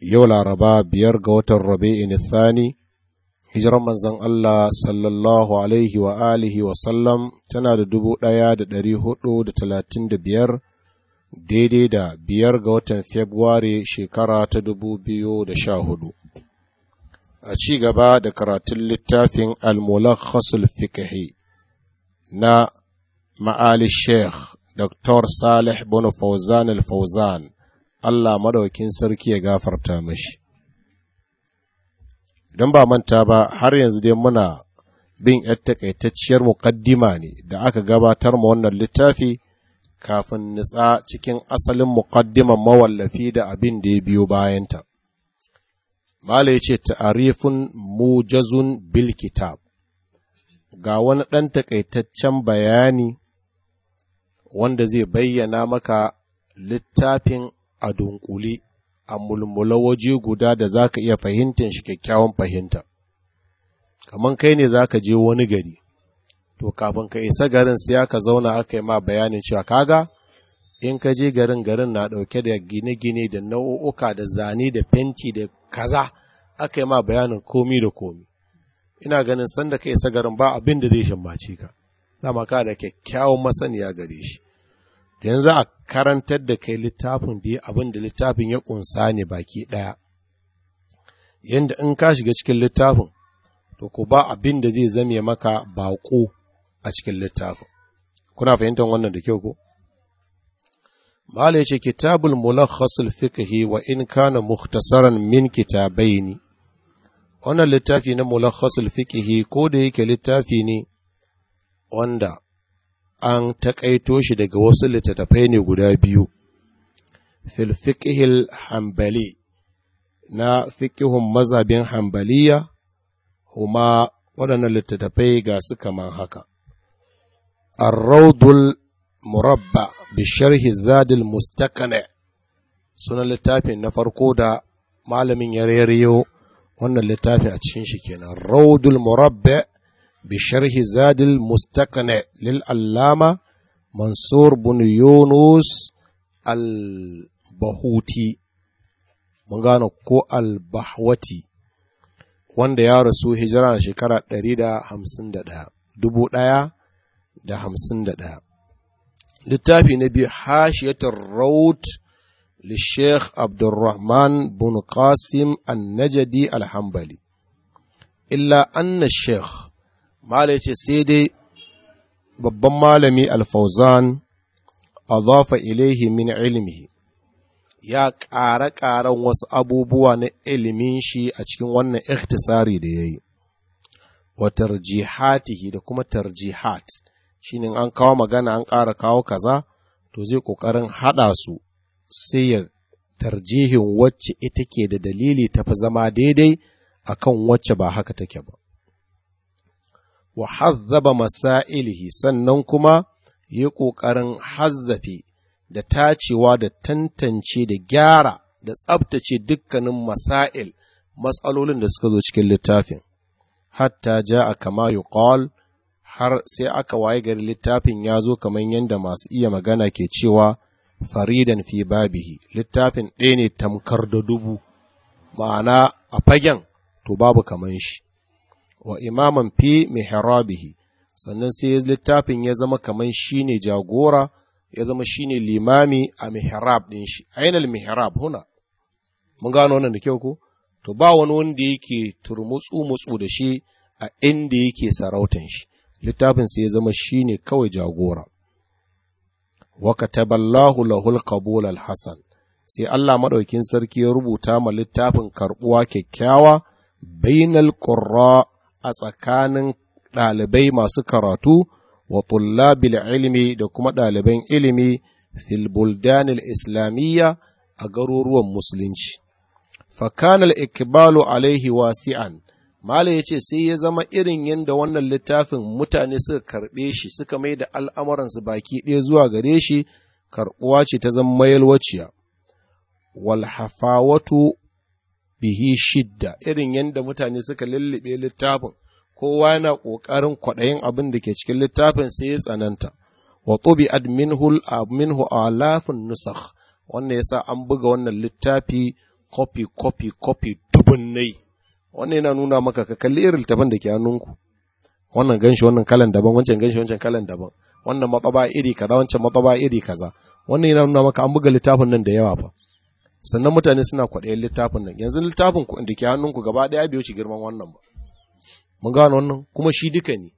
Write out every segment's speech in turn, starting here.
yau laraba biyar ga watan rabi'in thani hijiran manzon Allah sallallahu alaihi wa alihi wa sallam tana da dubu ɗaya da ɗari hudu da talatin da biyar daidai da biyar ga watan Februari shekara ta dubu biyu da sha hudu. A ci gaba da karatun littafin Al-Mulakhasul Fiqhi na Ma'ali Sheikh Dr. Salih bin Fauzan al-Fauzan Allah madaukin sarki ya gafarta mashi idan ba manta ba har yanzu dai muna bin yar takaitacciyar muƙaddima ne da aka gabatar ma wannan littafi kafin nitsa cikin asalin muƙaddiman mawallafi da abin da ya biyo bayanta. Mala ya ce ta'arifin mujazun bil kitab ga wani ɗan takaitaccen bayani wanda zai bayyana maka littafin a dunkule a mulmula waje guda da za ka iya fahimtar shi kyakkyawan fahimta kamar kai ne za ka je wani gari to kafin ka isa garin sai ka zauna aka yi ma bayanin cewa kaga in ka je garin garin na ɗauke da gine-gine da nau'uka da zane da fenti da kaza aka yi ma bayanin komi da komi ina ganin sanda ka isa garin ba abin da zai shambace ka ka da kyakkyawan masaniya gare shi yanzu a karantar da kai littafin da abin da littafin ya ƙunsa ne baki ɗaya yadda in ka shiga cikin littafin to ku ba abin da zai zame maka baƙo a cikin littafin kuna fahimtar wannan da kyau ko Mala ce kitabul mulakhasul fiqhi wa in kana mukhtasaran min kitabaini wannan littafi na mulakhasul fiqhi ko da yake littafi ne wanda an taƙaito shi daga wasu littattafai ne guda biyu filfikihil hambali na fikihun mazabin hambaliya kuma waɗannan littattafai ga su kaman haka arraudul murabba bisharhi zadil mustakane sunan littafin na farko da malamin ya wannan littafin a cikin shi kenan raudul murabba بشرح زاد المستقنع للعلامة منصور بن يونس البهوتي mun gano ko albahwati wanda ya rasu hijira shekara 151 ɗaya da hamsin da ɗaya littafi na biyu hashiyatar raut li sheikh abdurrahman bin qasim an najadi alhambali illa anna sheikh malai ce sai dai babban malami alfauzan azafa ilaihi min ilmihi ya ƙara ƙaran wasu abubuwa na ilimin shi a cikin wannan ikhtisari da ya yi wa tarjihatihi da kuma tarjihat shi ne an kawo magana an ƙara kawo kaza to zai ƙoƙarin haɗa su sai ya tarjihin wacce ita ke da dalili tafi zama daidai akan wacce ba haka take ba wa hazzaba masailihi sannan kuma yi ƙoƙarin hazzafe da tacewa da tantance da gyara da tsabtace dukkanin masail matsalolin da suka zo cikin littafin hatta ja a kama yuqal har sai aka waye gari littafin ya zo kamar yadda masu iya magana ke cewa faridan fi babihi littafin ɗaya ne tamkar da dubu ma'ana a fagen to babu kaman shi wa imaman fi mihrabihi sannan sai littafin ya zama kaman shine jagora ya zama shine limami a mihrab din shi ainal mihrab huna mun gano wannan da kyau ko to ba wani wanda yake turmutsu mutsu da shi a inda yake sarautan shi littafin sai ya zama shine kawai jagora wa kataballahu lahul qabul al hasan sai Allah maɗaukin sarki ya rubuta ma littafin karbuwa kyakkyawa bainal qurra a tsakanin ɗalibai masu karatu wa tullabil ilimi da kuma ɗaliban ilimi fil buldanil islamiyya a garuruwan musulunci fakanal ikbalu alaihi wasi'an mala ya ce sai ya zama irin yadda wannan littafin mutane suka karɓe shi suka mai da al'amuransu baki ɗaya zuwa gare shi karɓuwa ce ta zama yalwaciya walhafawatu bihi shidda irin yadda mutane suka lullube littafin kowa na ƙoƙarin kwaɗayin abin da ke cikin littafin sai ya tsananta wa tubi minhu minhu alafin nusakh wannan yasa an buga wannan littafi kofi kofi kofi dubunnai wannan yana nuna maka ka kalli irin littafin da ke hannunku wannan ganshi wannan kalan daban wancan ganshi wancan kalan daban wannan matsaba iri kaza wancan matsaba iri kaza wannan yana nuna maka an buga littafin nan da yawa fa sannan mutane suna kwaɗayin littafin nan yanzu littafin ku da ke hannunku gaba ɗaya biyo shi girman wannan ba mun gano wannan kuma shi duka ne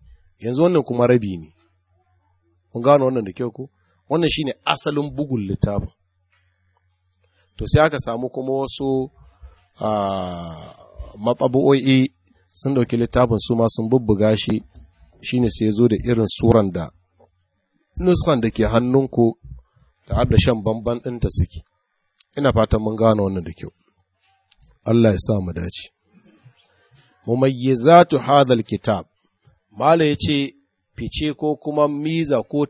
yanzu wannan kuma rabi ne mun gano wannan da kyau ko wannan shine asalin bugun littafin to sai aka samu kuma wasu matsabu'o'i sun ɗauki littafin su ma sun bubbuga shi shine sai zo da irin suran da nuskan da ke hannunku ta da shan bamban ɗinta suke ina fatan mun gano wannan da kyau Allah ya sa mu dace mumayyizatu hadhal kitab mala yace fice ko kuma miza ko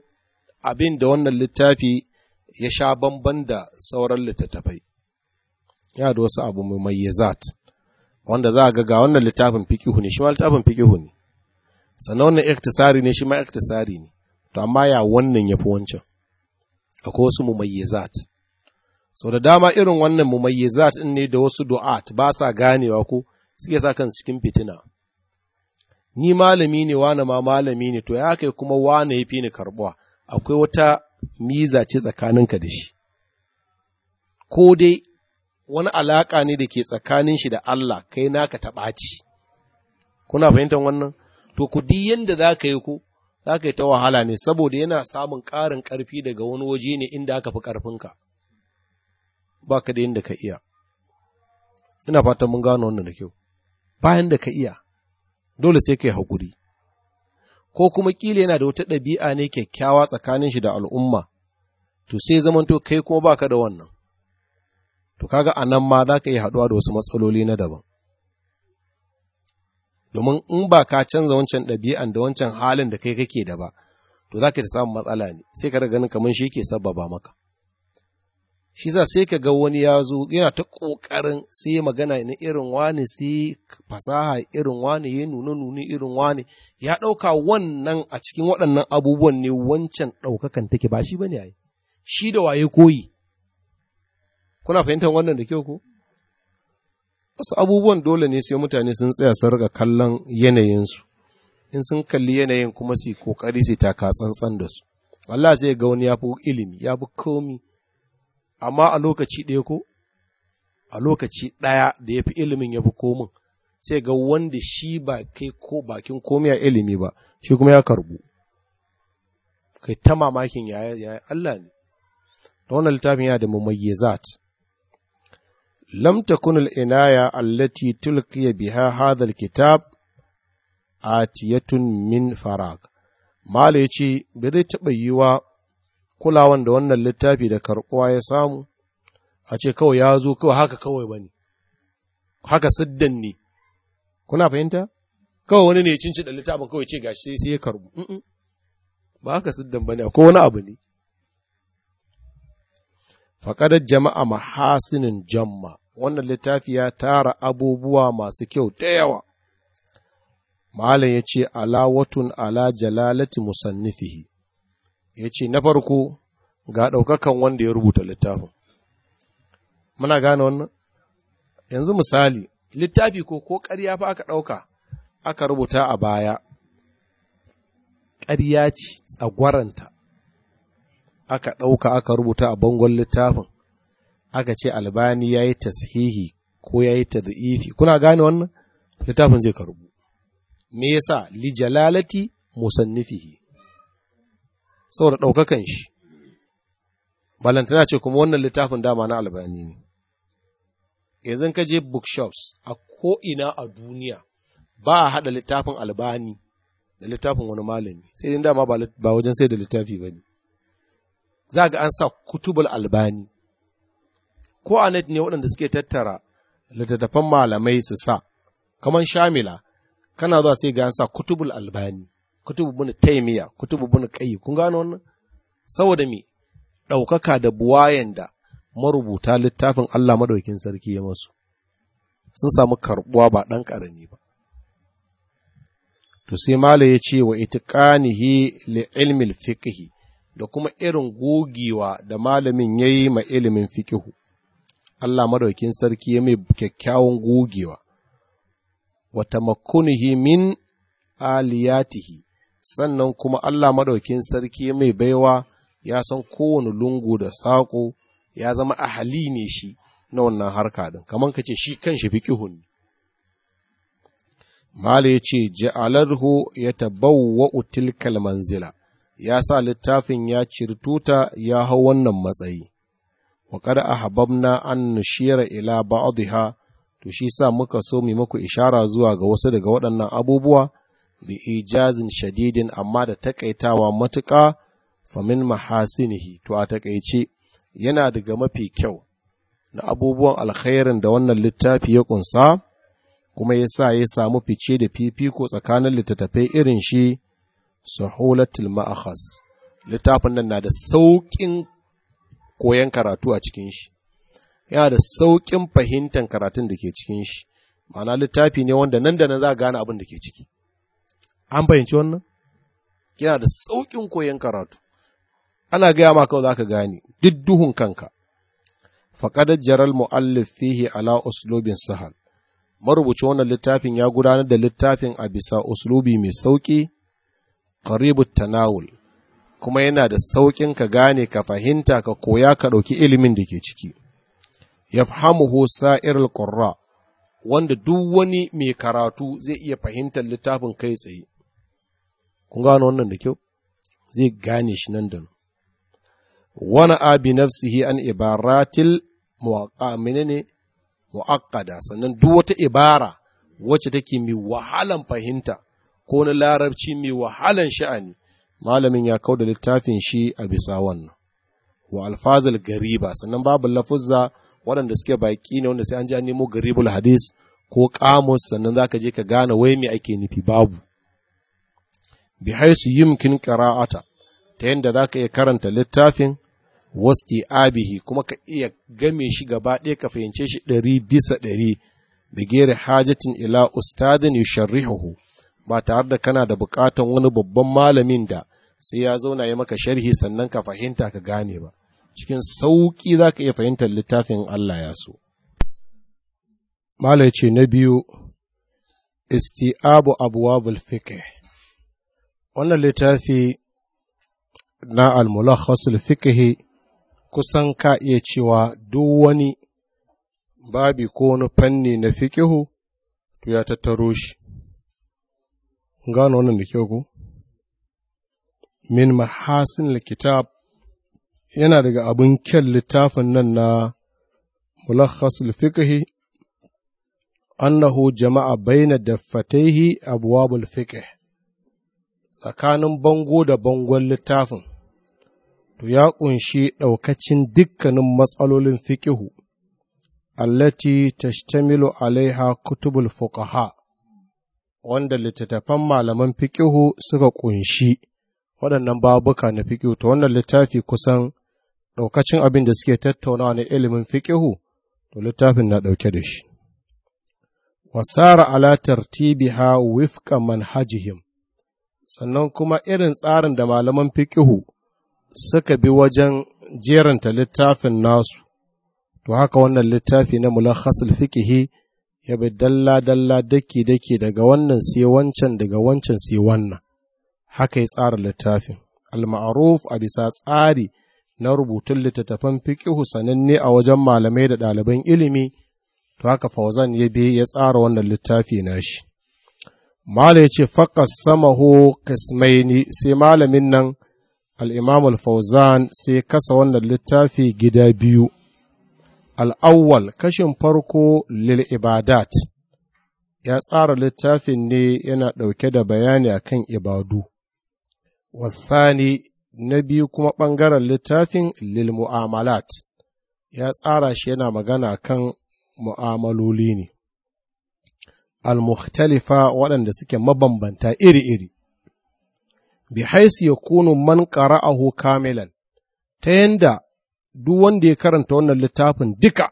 abin da wannan littafi ya sha bamban da sauran littattafai ya da wasu abu mumayyizat wanda za a ga ga wannan littafin fikihu ne shi ma littafin fikihu ne sannan wannan iktisari ne shi ma iktisari ne to amma ya wannan yafi wancan akwai wasu mumayyizat sau da dama irin wannan mumayyizat in ne da wasu du'at ba sa ganewa ko suke sa kan cikin fitina ni malami ne wane ma malami ne to ya kai kuma wane ya fi ni karbuwa akwai wata miza ce tsakaninka da shi ko dai wani alaƙa ne da ke tsakanin shi da Allah kai naka ta ɓaci kuna fahimtar wannan to ku di yanda za ka yi ku za ka yi ta wahala ne saboda yana samun ƙarin ƙarfi daga wani waje ne inda aka fi ƙarfinka ba ka da yadda ka iya ina fatan mun gano wannan da kyau bayan da ka iya dole sai ka yi haƙuri ko kuma ƙila yana da wata ɗabi'a ne kyakkyawa tsakanin shi da al'umma to sai zamanto kai kuma ba ka da wannan to kaga a nan ma za ka yi haɗuwa da wasu matsaloli na daban domin in ba ka canza wancan ɗabi'an da wancan halin da kai kake da ba to za ka ta samun matsala ne sai ka ganin kamar shi ke sabbaba maka shi za sai ka ga wani ya zo yana ta ƙoƙarin sai ya magana na irin wani sai fasaha irin wani ya nuna nuni irin wani ya ɗauka wannan a cikin waɗannan abubuwan ne wancan ɗaukakan take ba shi ba ne shi da waye koyi kuna fahimtar wannan da kyau ko wasu abubuwan dole ne sai mutane sun tsaya sun riga kallon yanayinsu in sun kalli yanayin kuma su yi kokari su taka tsantsan da su Allah sai ga wani ya fi ilimi ya fi komi amma a lokaci ɗaya ko a lokaci ɗaya da ya fi ilimin ya fi komin sai ga wanda shi ba kai ko bakin komai a ilimi ba shi kuma ya karbu kai ta mamakin yaya yaya Allah ne da wannan littafin yana da mumayyizat lam takun al-inaya allati tulqiya biha hadha kitab atiyatun min farag mala ce bai zai taba yiwa kulawan da wannan littafi da karɓuwa ya samu a ce kawai ya zo kawai haka kawai ba ne haka siddan ne kuna fahimta kawai wani ne ya cinci da littafin kawai ce gashi sai ya karbu ba haka siddan ba ne akwai wani abu ne faƙadar jama'a mahasinin jamma wannan littafi ya tara abubuwa masu kyau da yawa malam ya ce Ala watun ala jalalati musannifihi ya ce na farko ga ɗaukakan wanda ya rubuta littafin muna gane wannan yanzu misali littafi ko ko ƙarya fa aka ɗauka aka rubuta a baya ƙarya ce tsagwaranta aka ɗauka aka rubuta a bangon littafin aka ce albani ya yi tashihi ko ya yi tadhifi kuna gane wannan littafin zai karbu me yasa li jalalati musannifihi saboda ɗaukakan shi balantana ce kuma wannan littafin dama na albani ne yanzu ka je bookshops a ko'ina a duniya ba a haɗa littafin albani da littafin wani malami sai dai dama ba wajen sai da littafi ba ne za ga an sa kutubul albani ko a net ne waɗanda suke tattara littattafan malamai su sa kamar shamila kana zuwa sai ga an sa kutubul albani kutubu bin taimiya kutubu bin kai kun gano wannan saboda mi ɗaukaka da buwayen da marubuta littafin Allah madaukin sarki ya masu sun samu karbuwa ba ɗan ƙarami ba to sai mala ya ce wa itiqanihi li ilmil fiqhi da kuma irin gogewa da malamin yayi ma ilimin fiqhu Allah madaukin sarki ya mai kyakkyawan gogewa wa tamakkunihi min aliyatihi sannan kuma Allah maɗaukin sarki mai baiwa ya san kowane lungu da saƙo ya zama ahali ne shi na wannan harka ɗin, kamar ka ce shi kan shi fi ƙihun. Mala ya ce, Ja'alarhu ya tabawa utilkal manzila, ya sa littafin ya ciri ya hau wannan matsayi. Wa kada a hababna an nushira ila ha, to shi sa muka so mai muku ishara zuwa ga wasu daga waɗannan abubuwa, bi ijazin shadidin amma da takaitawa matuƙa famin mahasinihi to a takaice yana daga mafi kyau na abubuwan alkhairin da wannan littafi ya kunsa kuma ya sa ya samu fice da fifiko tsakanin littattafai irin shi sahulatul ma'akhas littafin nan na da sauƙin koyon karatu a cikin shi yana da sauƙin fahimtar karatun da ke cikin shi ma'ana littafi ne wanda nan da nan za a gane abin da ke ciki an fahimci wannan yana da sauƙin koyon karatu ana gaya ma za ka gane duk duhun kanka faƙadar jaral mu'allif fihi ala uslubin sahal marubuci wannan littafin ya gudanar da littafin a bisa uslubi mai sauƙi ƙaribu tanawul kuma yana da sauƙin ka gane ka fahimta ka koya ka ɗauki ilimin da ke ciki yafhamuhu sa'irul qurra wanda duk wani mai karatu zai iya fahimtar littafin kai tsaye kun gano wannan da kyau zai gane shi nan da wani abi nafsihi an ibaratil ne mu'aqqada sannan duk wata ibara wacce take mai wahalan fahimta ko na larabci mai wahalan sha'ani malamin ya kauda littafin shi a bisa wannan wa alfazal gariba sannan babu lafuzza waɗanda suke baƙi ne wanda sai an ji an nemo garibul hadis ko ƙamus sannan zaka je ka gane wai me ake nufi babu bi haisu yumkin qira'ata ta yanda zaka iya karanta littafin wasu abihi kuma ka iya game shi gaba ɗaya ka fahimce shi ɗari bisa ɗari da gere hajatin ila ustadin yusharrihuhu ba tare da kana da buƙatan wani babban malamin da sai ya zauna ya maka sharhi sannan ka fahimta ka gane ba cikin sauƙi za ka iya fahimtar littafin Allah ya so mala ce na biyu isti'abu abwabul fiqh wannan littafi na al fiqhi kusan ka iya cewa duk wani babi ko wani fanni na fikihu to ya tattaro shi gano wannan da kyau ko min mahasin kitab yana daga abin kyan littafin nan na mulakhasul fiqhi annahu jama'a baina daffataihi abwabul fiqh tsakanin bango da bangon littafin, to ya ƙunshi ɗaukacin dukkanin matsalolin fiƙihu, allati tashtamilu alaiha kutubul fuqaha wanda littattafan malaman fiƙihu suka ƙunshi waɗannan babuka na fiƙihu, to wannan littafi kusan ɗaukacin abin da suke tattaunawa na ilimin fiƙihu, to littafin na ɗauke da shi. wasara ala tartibiha wifka manhajihim sannan kuma irin tsarin da malaman fiƙihu suka bi wajen jeranta littafin nasu, to haka wannan littafi na mulakhasul fiƙihi ya bi dalla-dalla daki-daki daga wannan sai wancan daga wancan sai wannan, haka ya tsara littafin. Al-Ma'aruf a bisa tsari na rubutun littattafan fiƙihu sananne a wajen malamai da ɗaliban ilimi, to haka Fauzan ya bi ya tsara wannan littafi nashi. malam ya ce faƙas ho kismaini sai malamin nan al'imamul fauzan sai kasa wannan littafi gida biyu al'awwal kashin farko lil ibadat ya tsara littafin ne yana ɗauke da bayani akan ibadu wasani na biyu kuma ɓangaren littafin lil mu'amalat ya tsara shi yana magana kan mu'amaloli ne al-mukhtalifa waɗanda suke mabambanta iri-iri bi haisu ya man qara'ahu kamilan ta yanda duk wanda ya karanta wannan littafin duka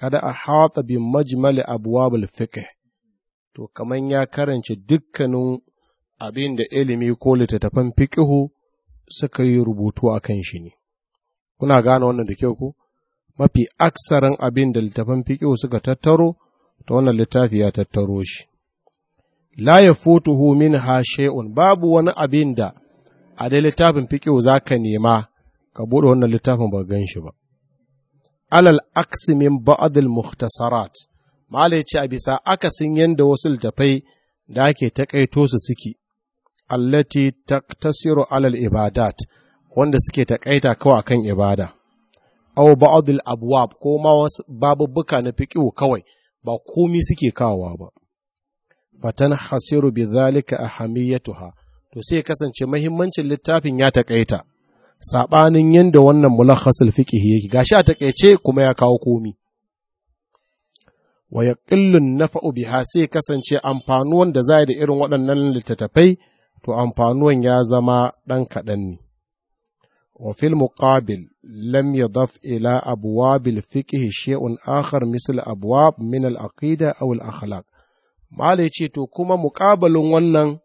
kada a hata bi majmali abwabul fiqh to kaman ya karance dukkanin abin da ilimi ko littattafan fiqhu suka yi rubutu akan shi ne kuna gane wannan da kyau ko mafi aksarin abin da littattafan fiqhu suka tattaro ta wannan littafi ya tattaro shi la ya futuhu min ha shay'un babu wani abin da a dai littafin fiqh za ka nema ka bude wannan littafin ba gan shi ba alal aksi min ba'd al malai ce a bisa akasin yadda wasu littafai da ake takaito su suke allati taktasiru alal ibadat wanda suke takaita kawai akan ibada aw ba'd al abwab ko ma wasu babubbuka na fiqh kawai ba komi suke kawowa ba fatan hasiru bi zalika ahamiyatuha to sai kasance mahimmancin littafin ya takaita sabanin yanda wannan mulakhasul fiqh yake gashi a takaice kuma ya kawo komi wa yaqillu nafa'u biha sai kasance amfanuwan da zai da irin waɗannan littattafai to amfanuwan ya zama ɗan kaɗan ne وفي المقابل لم يضف إلى أبواب الفقه شيء آخر مثل أبواب من العقيدة أو الأخلاق ما تو كما مقابل ونن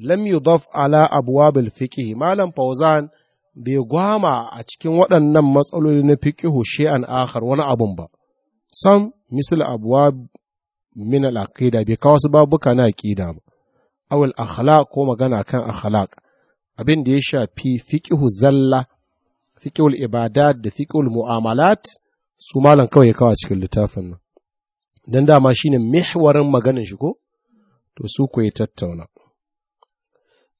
لم يضف على أبواب الفقه ما لم فوزان bai gwama a cikin waɗannan matsaloli na fiƙihu shi'an akhar wani abun ba, sam misal abuwa min al'aƙida bai kawo su babuka ko magana kan akhlaq abin da ya shafi fiƙihu zalla fiƙihul ibada da fiƙihul mu'amalat su malam kawai ya kawo cikin littafin nan don dama shine mihwarin maganin shi ko to su ku ya tattauna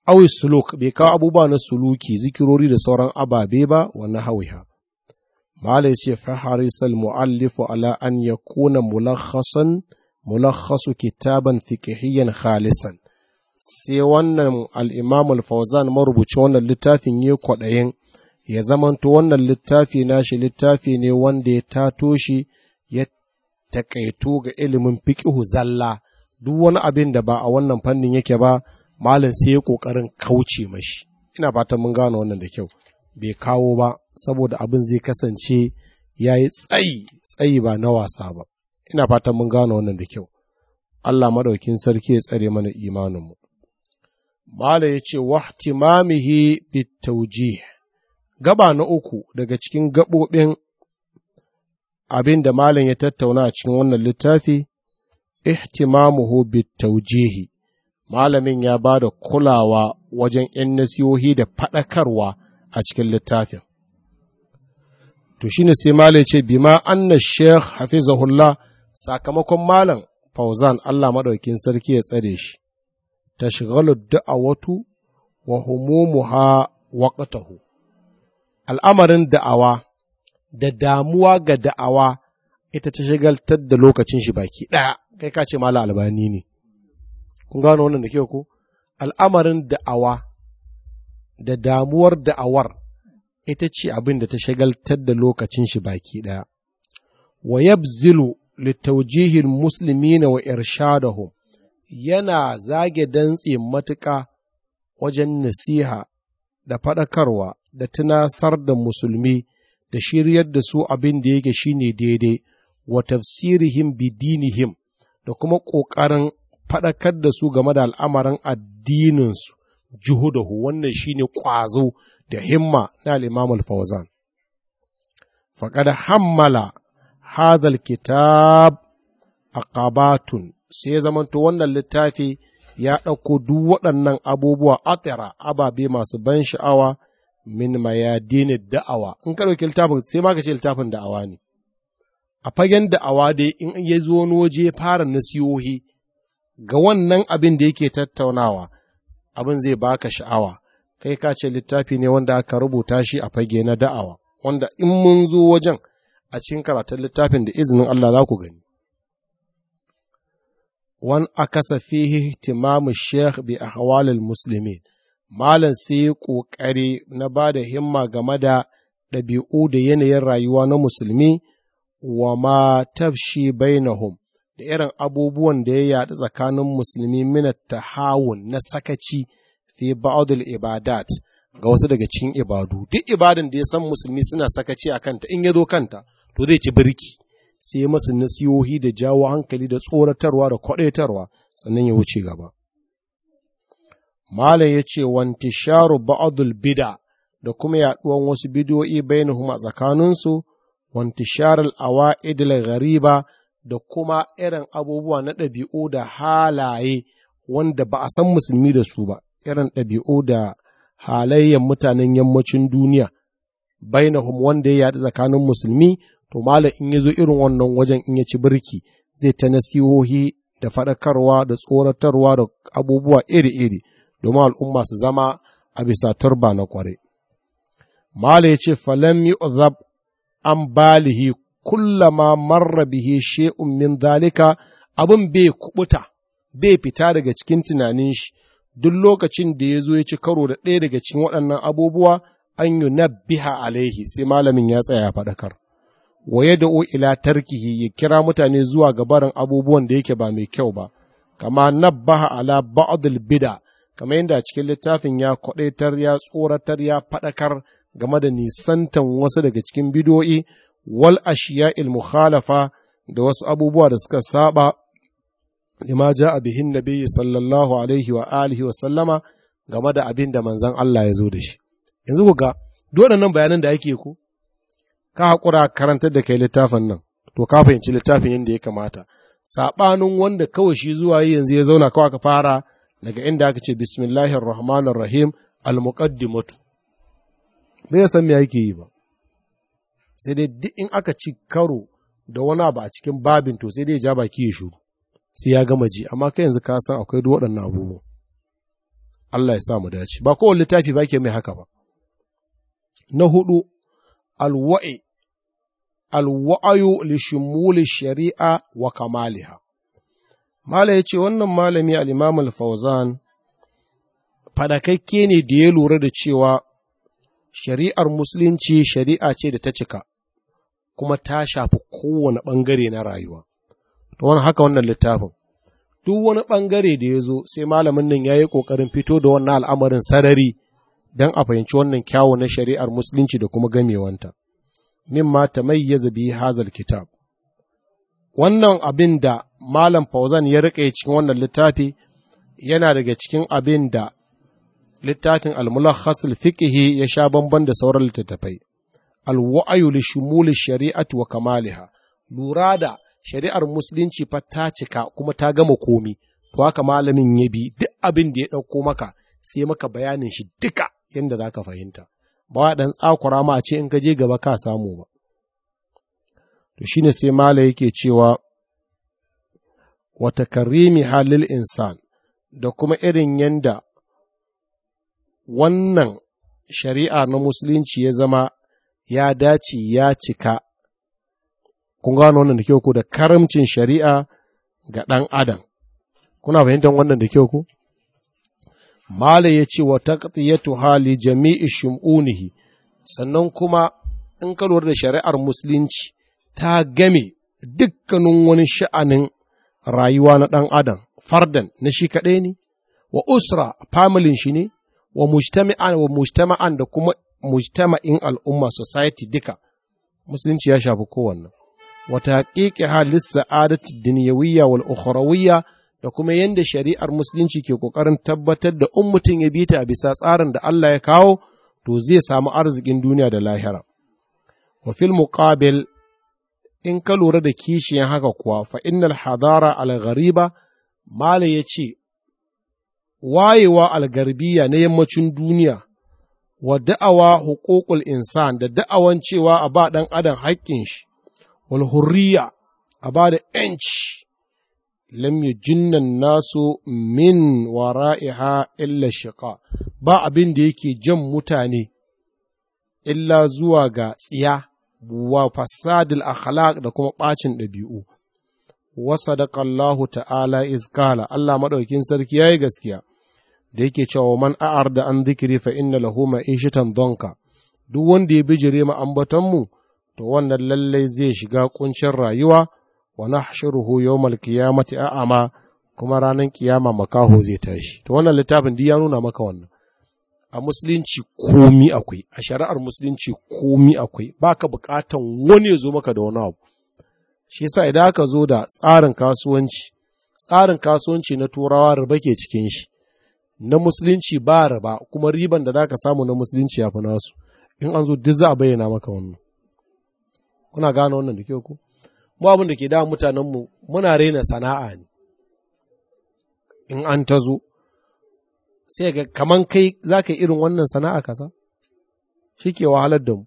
awi suluk bai kawo abubuwa na suluki zikirori da sauran ababe ba wani hawiha malai ce fahari sal muallifu ala an yakuna mulakhasan mulakhasu kitaban fiqhiyyan khalisan sai wannan al'imamul fauzan marubuci wannan littafin yi kwaɗayin ya zamanto wannan littafi nashi littafi ne wanda ya tato shi ya taƙaito ga ilimin fiƙihu zalla duk wani abin da ba a wannan fannin yake ba malin sai ya ƙoƙarin kauce mashi ina fatan mun gano wannan da kyau bai kawo ba saboda abin zai kasance ya yi tsayi tsayi ba na wasa ba ina fatan mun gano wannan da kyau Allah maɗaukin sarki ya tsare mana imaninmu Mala ya ce, Wahtimamihi bitauji, gaba na uku daga cikin gaɓoɓin abin da Malam ya tattauna a cikin wannan littafi, ihtimamuhu bitaujihi, Malamin ya ba da kulawa wajen ‘yan nasihohi da faɗakarwa a cikin littafin. To shi ne sai Malam ya ce, Bima anna Sheikh Hafizahullah sakamakon Malam Fauzan Allah Maɗaukin Sarki ya tsare shi. tashghalu da'awatu wa humumuha waqtahu al'amarin da'awa da damuwa ga da'awa ita ta shigaltar da lokacin shi baki ɗaya kai ka ce mala albani ne kun gano wannan da kyau ko al'amarin da'awa da damuwar da'awar ita ce abin da ta shagaltar da lokacin shi baki ɗaya wa yabzilu litawjihil muslimina wa irshadahum yana zage dantse matuƙa wajen nasiha da faɗakarwa da tunasar da musulmi da shiryar da su abin da yake shine daidai wa tafsirihim bidinihim da kuma ƙoƙarin faɗakar da su game da al'amarin addininsu juhudahu wannan shine ƙwazo da himma na al'imam al-fawzan faƙada hammala hadal kitab a ƙabatun sai ya zamanto wannan littafi ya ɗauko duk waɗannan abubuwa atira ababe masu ban sha'awa min mayadini da'awa in ka ɗauki littafin sai ma ka ce littafin da'awa ne a fagen da'awa dai in ya zo wani waje fara nasihohi ga wannan abin da yake tattaunawa abin zai baka sha'awa kai ka ce littafi ne wanda aka rubuta shi a fage na da'awa wanda in mun zo wajen a cikin karatun littafin da izinin Allah za ku gani wan akasa fihi timamu sheikh bi ahwalil muslimin malam sai ya ƙoƙari na ba da himma game da ɗabi'u da yanayin rayuwa na musulmi wa ma tafshi bainahum da irin abubuwan da ya yaɗu tsakanin musulmi mina tahawun na sakaci fi ba'adul ibadat ga wasu daga cikin ibadu duk ibadan da ya san musulmi suna sakaci a kanta in ya zo kanta to zai ci birki sai ya masu nasihohi da jawo hankali da tsoratarwa da kwadaitarwa sannan ya wuce gaba. Malam ya ce, Wanti sharu ba'adul bida da kuma yaɗuwan wasu bidiyoyi bainahum a tsakaninsu, wanti sharar awa idil gariba da kuma irin abubuwa na ɗabi'u da halaye wanda ba a san musulmi da su ba, irin ɗabi'u da halayen mutanen yammacin duniya, bainahum wanda ya yaɗu tsakanin musulmi to mala in ya zo irin wannan wajen in ya ci birki zai ta nasihohi da faɗakarwa da tsoratarwa da abubuwa iri-iri domin al'umma su zama a bisa turba na kware. Mala ya ce, Falam yi ozab an balihi kullama marra bihi she'un min zalika abin bai kubuta, bai fita daga cikin tunanin shi, duk lokacin da ya zo ya ci karo da ɗaya daga cikin waɗannan abubuwa an yi na biha alaihi sai malamin ya tsaya faɗakar. wa da’o ila tarkihi ya kira mutane zuwa ga barin abubuwan da yake ba mai kyau ba kama nabbaha ala ba'adul bida kama yadda cikin littafin ya kwaɗaitar ya tsoratar ya faɗakar game da nisantan wasu daga cikin bidoyi wal ashiya'il mukhalafa da wasu abubuwa da suka saba lima ja'a bihin sallallahu alaihi wa alihi wa sallama game da abin da manzon Allah ya zo da shi yanzu ku ga duk waɗannan bayanan da ake ku. ka haƙura karantar da kai littafin nan to ka fahimci littafin yadda ya kamata saɓanin wanda kawai shi zuwa yi yanzu ya zauna kawai ka fara daga inda aka ce bismillahir rahmanir rahim al muqaddimatu bai san me yake yi ba sai dai duk in aka ci karo da wani abu a cikin babin to sai dai ja baki ya shuru sai ya gama ji amma kai yanzu ka san akwai duk waɗannan abubuwan Allah ya sa mu dace ba kowane littafi ba ke mai haka ba na hudu alwa'i alwa'ayu li shari'a wa kamaliha. Mala ya ce wannan malami al'imam al-Fauzan fadakakke ne da ya lura da cewa shari'ar musulunci shari'a ce da ta cika, kuma ta shafi kowane bangare na rayuwa. To wani haka wannan littafin, duk wani ɓangare da ya zo sai malamin nan ya yi ƙoƙarin fito da wannan al'amarin sarari don a fahimci wannan kyawu na shari'ar musulunci da kuma gamewanta. mai ya bi hazal kitab wannan abin da malam fauzan ya riƙe cikin wannan littafi yana daga cikin abin da littafin al-mulakhas ya sha bamban da sauran littattafai al-wa'yu li shumuli shari'atu wa kamaliha lura da shari'ar musulunci fa cika kuma ta gama komi to haka malamin ya bi duk abin da ya ɗauko maka sai maka bayanin shi duka yadda za ka fahimta ba ɗan tsakura ma a ce in ka je gaba ka samu ba to shi ne sai mala yake cewa wata karimi halil insan da kuma irin yanda wannan shari'a na musulunci ya zama ya dace ya cika kun gano wannan da kyau ko da karamcin shari'a ga ɗan adam kuna fahimtar wannan da kyau ko Mala ya ce wa taqtiyatu hali jami'i shim’unihi, sannan kuma in kalwar da shari'ar musulunci ta game dukkanin wani sha'anin rayuwa na ɗan adam fardan na shi kaɗai ne wa usra familin shi ne wa mujtama'an wa mujtama'an da kuma mujtama'in al'umma society duka musulunci ya shafi kowanne wata haƙiƙi halis sa'adati dunyawiyya wal ukhrawiyya da kuma yadda shari'ar musulunci ke ƙoƙarin tabbatar da in mutum ya bi ta bisa tsarin da Allah ya kawo to zai samu arzikin duniya da lahira. Wa fil muqabil in ka lura da kishiyan haka kuwa fa innal hadara al-ghariba mala ya ce wayewa algarbiya na yammacin duniya wa da'awa hukukul insan da da'awan cewa a ba ɗan adam haƙƙin shi wal hurriya a ba da ‘yanci lam yujinnan nasu min wara'iha illa shiqa ba abin da yake jan mutane illa zuwa ga tsiya wa fasadil akhlaq da kuma ɓacin ɗabi'u wa sadaqallahu ta'ala izkala Allah maɗaukin sarki yayi gaskiya da yake cewa man a'ar da an zikiri fa inna lahu ma'ishatan donka duk wanda ya bijire mu ambaton mu to wannan lallai zai shiga kuncin rayuwa wa ya yawmal qiyamati a'ama kuma ranar kiyama makaho zai tashi to wannan littafin duk ya nuna maka wannan a musulunci komi akwai a shari'ar musulunci komi akwai baka bukatan wani ya zo maka da wani abu shi yasa idan aka zo da tsarin kasuwanci tsarin kasuwanci na turawa raba ke cikin shi na musulunci ba raba kuma riban da zaka samu na musulunci ya fi nasu in an zo duk za a bayyana maka wannan kuna gane wannan da kyau ku. mu abin da ke da mutanenmu muna raina sana'a ne in an ta zo sai ga kaman kai za ka irin wannan sana'a kasa shi ke wahalar da mu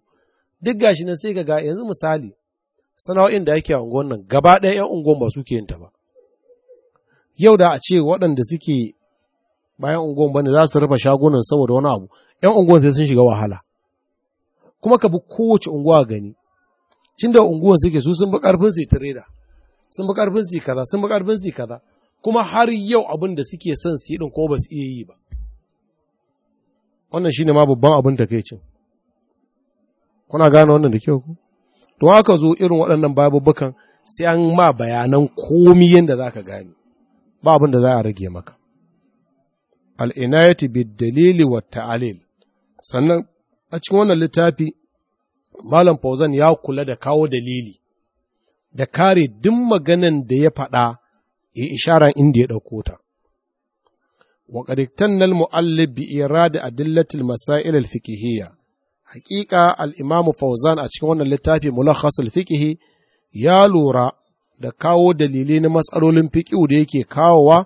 duk gashi nan sai ga yanzu misali sana'o'in da yake a unguwan nan gaba ɗaya 'yan unguwan ba su ke yin ta ba yau da a ce waɗanda suke bayan unguwan ne za su rufe shagunan saboda wani abu 'yan unguwan sai sun shiga wahala kuma ka bi kowace unguwa gani cin da unguwan suke su sun bi karfin su tireda sun bi karfin su kaza sun bi karfin su kaza kuma har yau abin da suke son su yi din ko ba su iya yi ba wannan shine ma babban abin da kai cin kuna gane wannan da kyau ku to haka zo irin waɗannan babubukan sai an ma bayanan komi yadda za ka gane ba abin da za a rage maka al inayati bid dalili wat ta'alil sannan a cikin wannan littafi Malam Fauzan ya kula da kawo dalili, da kare duk maganan da ya faɗa ya ishara inda ya ɗauko ta. Wa nan mu'allib bi da adillatul masail al-fiqhiyya. Haƙiƙa al Fauzan a cikin wannan littafi Mulakhas al-Fiqh ya lura da kawo dalilai na matsalolin fiqhu da yake kawowa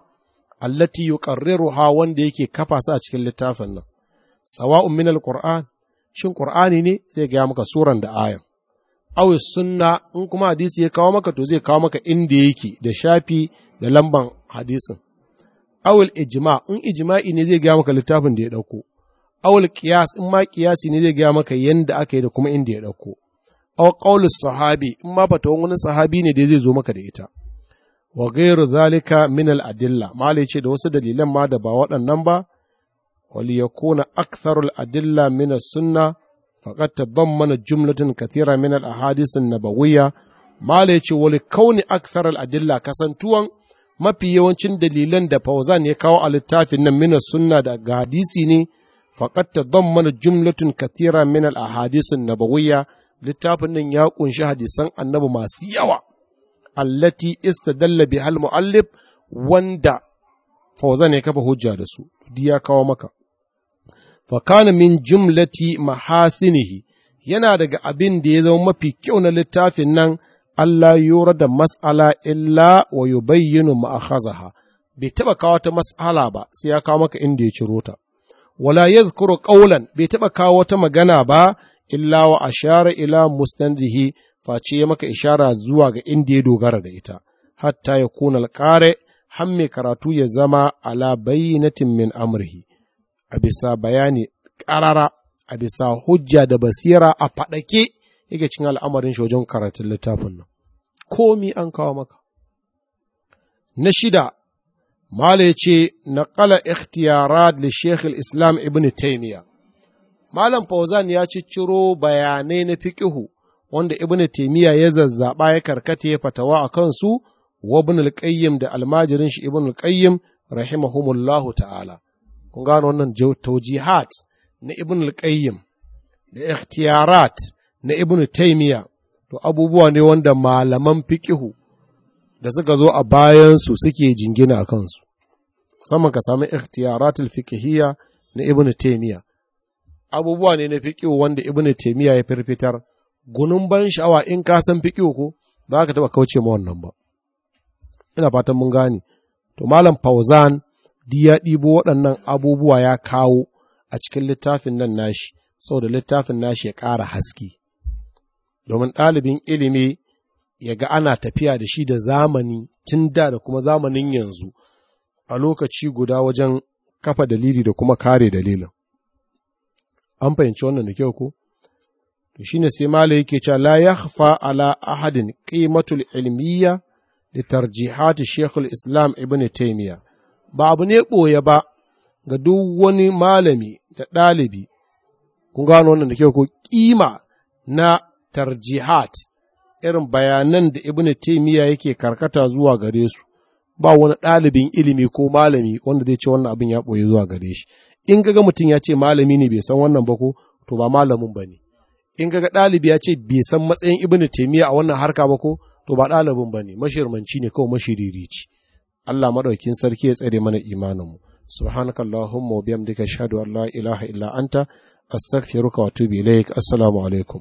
allati yuqarriruha wanda yake kafa su a cikin littafin nan. Sawa'un min al shin ƙur'ani ne zai gaya maka suran da ayan awi sunna in kuma hadisi ya kawo maka to zai kawo maka inda yake da shafi da lamban hadisin awil ijma in ijma'i ne zai gaya maka littafin da ya ɗauko. awil kiyas in ma kiyasi ne zai gaya maka yanda aka yi da kuma inda ya ɗauko. aw qaulus sahabi in ma fata wani sahabi ne da zai zo maka da ita wa ghairu zalika min al adilla malai ce da wasu dalilan ma da ba waɗannan ba وليكون أكثر الأدلة من السنة فقد تضمن جملة كثيرة من الأحاديث النبوية ما ولكون أكثر الأدلة كسنتوان mafi yawancin dalilan da Fauzan ya kawo a littafin nan mina sunna daga hadisi ne faqad tadammana jumlatun kathira min al ahadith an nabawiyya littafin nan ya ƙunshi hadisan annabi masu yawa allati istadalla bi al muallif wanda Fauzan ya kafa hujja da su duk ya kawo maka fa kana min jumlati mahasinihi yana daga abin da ya zama mafi kyau na littafin nan Allah yura da mas'ala illa wa yubayyinu ma'akhazaha bai taba kawo ta mas'ala ba sai ya kawo maka inda ya ciro ta wala yadhkuru qawlan bai taba kawo ta magana ba illa wa ashara ila mustandihi face ya maka ishara zuwa ga inda ya dogara da ita hatta ya kuna alƙare har mai karatu ya zama ala bayyinatin min amrihi a bisa bayani ƙarara a bisa hujja da basira a faɗake yake cikin al'amarin shi wajen karatun littafin nan komi an kawo maka na shida mala ya ce naƙala ikhtiyarat li sheikh islam ibn taimiya malam fauzan ya cicciro bayanai na fiƙihu wanda ibn taimiya ya zazzaɓa ya karkata ya fatawa a kansu wa ibn al da almajirin shi ibn al rahimahumullahu ta'ala kun gano wannan taujihat na ibn al-qayyim da ikhtiyarat na ibn taymiya to abubuwa ne wanda malaman fiqihu da suka zo a bayan su suke jingina a kansu musamman ka sami al fiqhiyya na ibn taymiya abubuwa ne na fiqihu wanda ibn taymiya ya firfitar gunun ban sha'awa in ka san fiqihu ko ba ka taba kauce ma wannan ba ina fatan mun gane to malam fauzan di ya ɗibo waɗannan abubuwa ya kawo a cikin littafin nan nashi, saboda littafin nashi ya ƙara haske. Domin ɗalibin ilimi ya ga ana tafiya da shi da zamani tun da da kuma zamanin yanzu a lokaci guda wajen kafa dalili da kuma kare dalilin. An fahimci wannan da kyau ko? to shi ne sai malam yake cewa la ya fa ala ahadin ƙimatul ilmiya da tarjihati Shekul islam ibn taimiyya ba abu ne ɓoye ba ga duk wani malami da ɗalibi, kun gano wannan da kyau ko ƙima na tarjihat irin bayanan da Ibn taimiyya yake karkata zuwa gare su, ba wani ɗalibin ilimi ko malami wanda zai ce wannan abin ya ɓoye zuwa gare shi. In ga mutum ya ce malami ne bai san wannan ba ko, to ba malamin ba ne. In ga ɗalibi ya ce bai san matsayin Ibn taimiyya a wannan harka ba ko, to ba ɗalibin ba ne, mashirmanci ne kawai mashiririci. Allah maɗaukin sarki ya tsare mana imaninmu subhanakallahumma wa bihamdika ashhadu an la ilaha illa anta astaghfiruka wa atubu ilaik assalamu alaikum